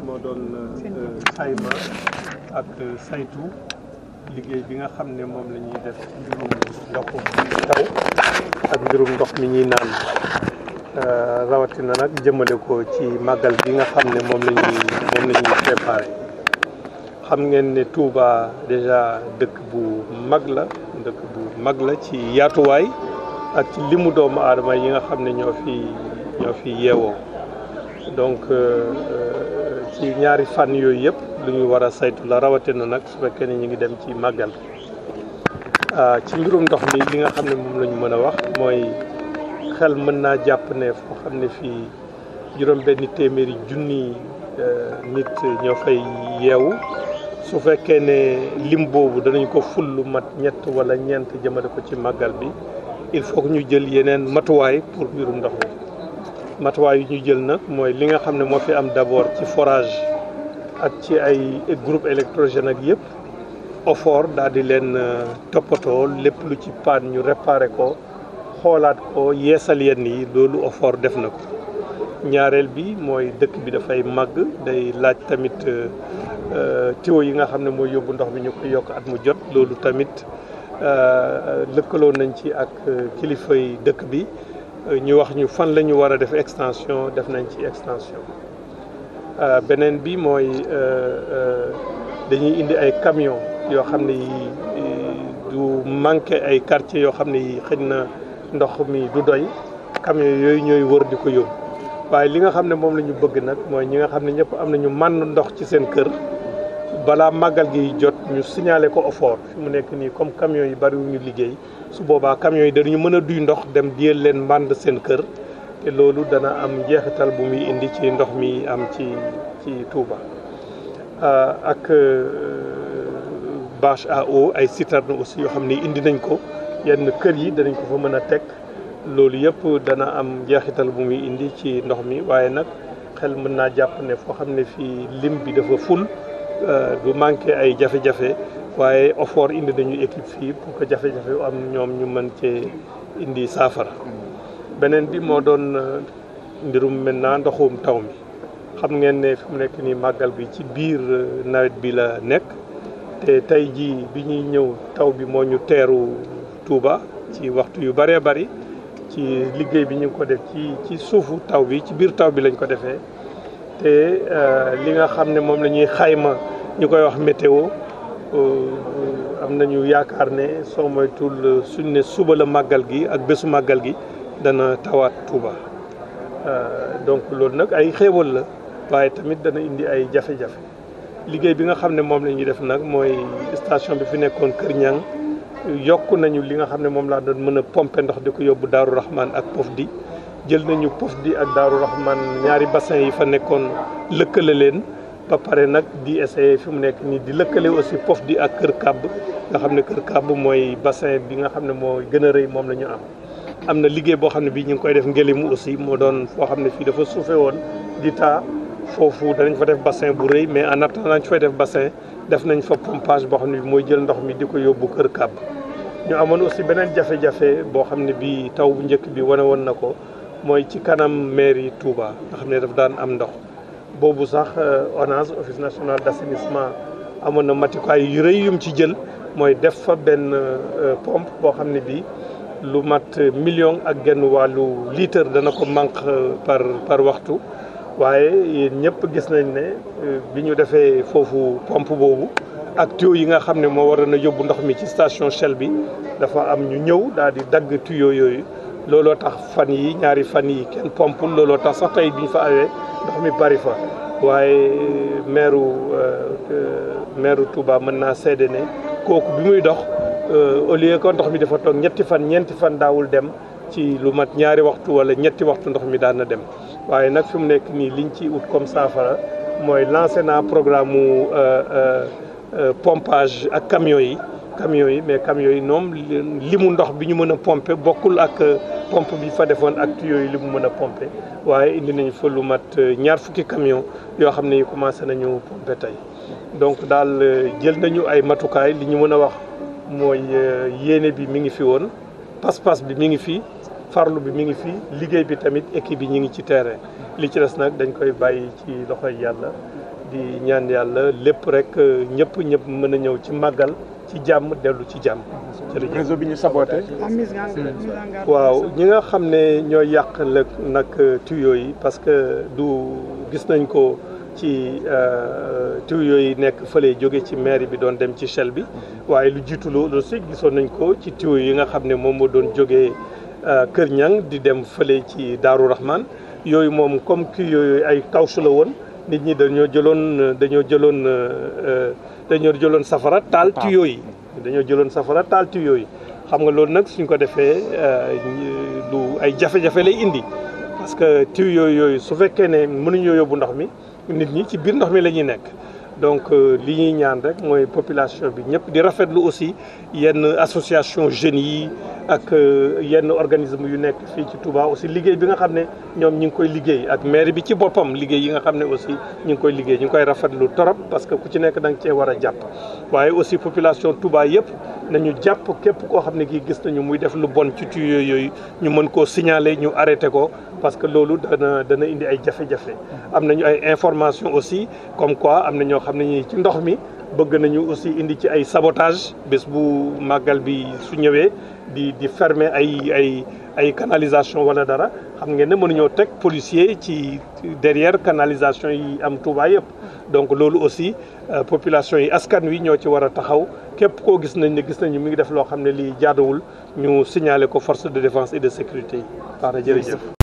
moo doon euh, sayma ak euh, saytu liggéey bi nga xam ne moom la ñuy def mbirum ndox mi ñuy naan euh, rawatina nag jëmale ko ci màggal bi nga xam ne moom la ñuy moom préparé xam ngeen ne Touba déjà dëkk bu mag la dëkk bu mag la ci yaatuwaay ak ci limu doomu aadama yi nga xam ne ñoo fi ñoo fi yeewoo donc ci ñaari fànn yooyu yëpp lu ñu war a saytu la na nag su fekkee ne ñu ngi dem ci màggal ah, ci mbirum ndox mi li nga xam ne moom lañu mën a wax mooy xel mën naa jàpp ne foo xam ne fii juróom-benn téeméeri junni eh, nit ñoo fay yeewu su fekkee ne lim boobu danañ ko ful lu mat ñett wala ñeent jëmale ko ci màggal bi il faut que ñu jël yeneen matuwaay pour mbirum ndox matuwaay yu ñu jël nag mooy li nga xam ne moo fi am d'abord ci forage ak ci ay groupe électrogène ak yëpp OFOR daal di leen euh, toppatoo lépp lu ci paan ñu réparé ko xoolaat ko yeesal yenn yi loolu OFOR def na ko ñaareel bi mooy dëkk bi dafay màgg day laaj tamit euh, euh, tuyau yi nga xam ne mooy yóbbu ndox bi ñu ko yokk at mu jot loolu tamit lëkkaloo nañ ci ak kilifay dëkk bi ñu wax ñu fan lañu ñu war a def extension def nañ ci extension euh, beneen bi mooy euh, euh, dañuy indi ay camion yoo xam ne yi du manqué ay quartiers yoo xam ne yi xëj na ndox mi du doy camion yooyu ñooy wër di ko yóbbu waaye li nga xam ne moom la ñu bëgg nag mooy ñi nga xam ne ñëpp am nañu mànn ndox ci seen kër balaa màggal gi jot ñu signalé ko OFOR fi mu nekk nii comme camions yi bariwuñu liggéey su boobaa camions yi dañu mën a duy ndox dem diyal leen mbànd seen kër te loolu dana am njeexital bu muy indi ci ndox mi am ci ci Touba ah, ak bâche à eau ay citerne yoo xam ne indi nañ ko yenn kër yi danañ ko fa mën a teg loolu yëpp dana am njeexital bu muy indi ci ndox mi waaye nag xel mën naa jàpp ne foo xam ne fii lim bi dafa ful Euh, du manqué ay jafe-jafe waaye OFOR indi nañu équipe fii pour ko jafe-jafe am ñoom ñu mën cee indi saafara beneen bi moo doon euh, mbirum maintenant ndoxum taw mi xam ngeen ne fi mu nekk nii màggal bi ci biir euh, nawet bi la nekk te tey jii bi ñuy ñëw taw bi moo ñu teeru tuuba ci waxtu yu bëree bari ci liggéey bi ñu ko def ci ci suufu taw bi ci biir taw bi lañ ko defee te li nga xam ne moom lañuy xayma. ñu koy wax météo euh, euh, am nañu yaakaar ne soo moytul euh, suñ ne suba la màggal gi ak bésu màggal gi dana tawaat Touba donc loolu nag ay xéewal la waaye tamit dana indi ay jafe-jafe liggéey bi nga xam ne moom la ñuy def nag mooy station bi fi nekkoon Kër yokk nañu li nga xam ne moom laa doon mën a pomper ndox di ko yóbbu Daaru Rahman ak Pofdi jël nañu Pofdi ak Daaru Rahman ñaari bassin yi fa nekkoon lëkkale leen ba pare nag di essayer fi mu nekk ni di lëkkale aussi pof di ak kër kàbb nga xam ne kër kàbb mooy bassin bi nga xam ne moo gën a rëy moom la ñu am am na liggéey boo xam ne bii ñu ngi koy def ngelimu aussi moo doon foo xam ne fii dafa suufe woon di taa foofu danañ fa def bassin bu rëy mais en attendant ci fay def bassin def nañ fa pompage boo xam ne mooy jël ndox mi di ko yóbbu kër kàbb ñu amoon aussi beneen jafe-jafe boo xam ne bii taw bu njëkk bi wane woon na ko mooy ci kanam maire yi touba nga xam ne daf daan am ndox boobu sax euh, ONAS office national d'assainissement amoon na matukaay yu rëy yum ci jël mooy def fa benn euh, pompe boo xam ne bii lu mat million ak genn wàllu litre dana ko manque euh, par par waxtu waaye yéen ñëpp gis nañ ne bi ñu defee foofu pomp boobu ak tuyau yi nga xam ne moo waroon na yóbbu ndox mi ci station Shell bi dafa am ñu ñëw daal di dagg tuyau yooyu looloo tax fan yi ñaari fan yi kenn pompul looloo tax sax tey bi fa awee ndox mi bari fa waaye meeru meeru Touba mën naa seede ne kooku bi muy dox euh, au lieu que ndox mi dafa toog ñetti fan ñeenti fan daawul dem ci lu mat ñaari waxtu wala ñetti waxtu ndox mi daan na dem waaye nag fi mu nekk nii liñ ci ut comme saafara mooy lancé naa programme mu euh, euh, pompage ak camion yi camion yi mais camion yi ñoom limu ndox bi ñu mën a pomper bokkul ak euh, pompe bi fa defoon ak tuyaux yi li mu mën a pomper waaye indi nañu fa lu mat euh, ñaar fukki camion yoo xam ne yi commencé nañu pompé tey donc daal euh, jël nañu ay matukaay li ñu mën a wax mooy yéene bi mi ngi fi woon pas-pas bi mi ngi fi farlu bi mi ngi fi liggéey bi tamit équipe bi ñu ngi ci terrain li ci des nag dañ koy bàyyi ci loxoy yàlla di ñaan yàlla lépp rek ñëpp ñëpp mën a ñëw ci màggal ci jàmm dellu ci jàmm. jërëjëf réseau bi ñu saboté. Ah, waaw ñi nga xam ne ñoo yàq la nag euh, tuyaux yi parce que du gis nañ ko ci euh, tuyaux yi nekk fële jóge ci mairie bi doon dem ci Shell bi waaye lu jiitu loolu aussi gisoon nañ ko ci tuyaux yi nga xam ne moom moo doon jógee euh, Kër Ñang di dem fële ci Daaru Rahman yooyu moom comme que yooyu ay kawsu la woon nit ñi dañoo jëloon dañoo jëloon. dañoo jëloon safara taal tuyau yi dañoo jëloon safara taal tuyau yooyu xam nga loolu nag suñ ko defee euh, du ay jafe-jafe lay indi parce que tuyau yooyu su fekkee ne mënuñoo yóbbu ndox mi nit ñi ci biir ndox mi la ñuy nekk donc euh, li ñuy ñaan rek mooy population bi ñëpp di rafetlu aussi yenn association jeunes yi ak euh, yenn organisme yu nekk fii ci Touba aussi liggéey bi nga xam ne ñoom ñu ngi koy liggéey ak maire bi ci boppam liggéey yi nga xam ne aussi ñu ngi koy liggéey ñu ngi koy rafetlu torop parce que ku ci nekk da nga cee war a jàpp waaye aussi population Touba yëpp nañu jàpp képp koo xam ne kii gis nañu muy def lu bon ci tuyau yooyu ñu mën koo signaler ñu arrêté ko parce que lolu dana dana indi ay jafé jafé am nañu ay information aussi comme quoi amna ñoo xam ñi ci ndox mi bëgg nañu aussi indi ci ay sabotage bés bu magal bi su ñëwé di di fermer ay ay ay canalisation wala dara xam ngeen ne mënuñoo teg policier ci derrière canalisation yi am Touba yëpp donc lolu aussi euh, population yi askan wi ñoo ci wara taxaw képp koo gis nañ ne gis nañu mi ngi def loo xam ne lii jaaduwul ñu signaler ko force de défense et de sécurité yi. jërëjëf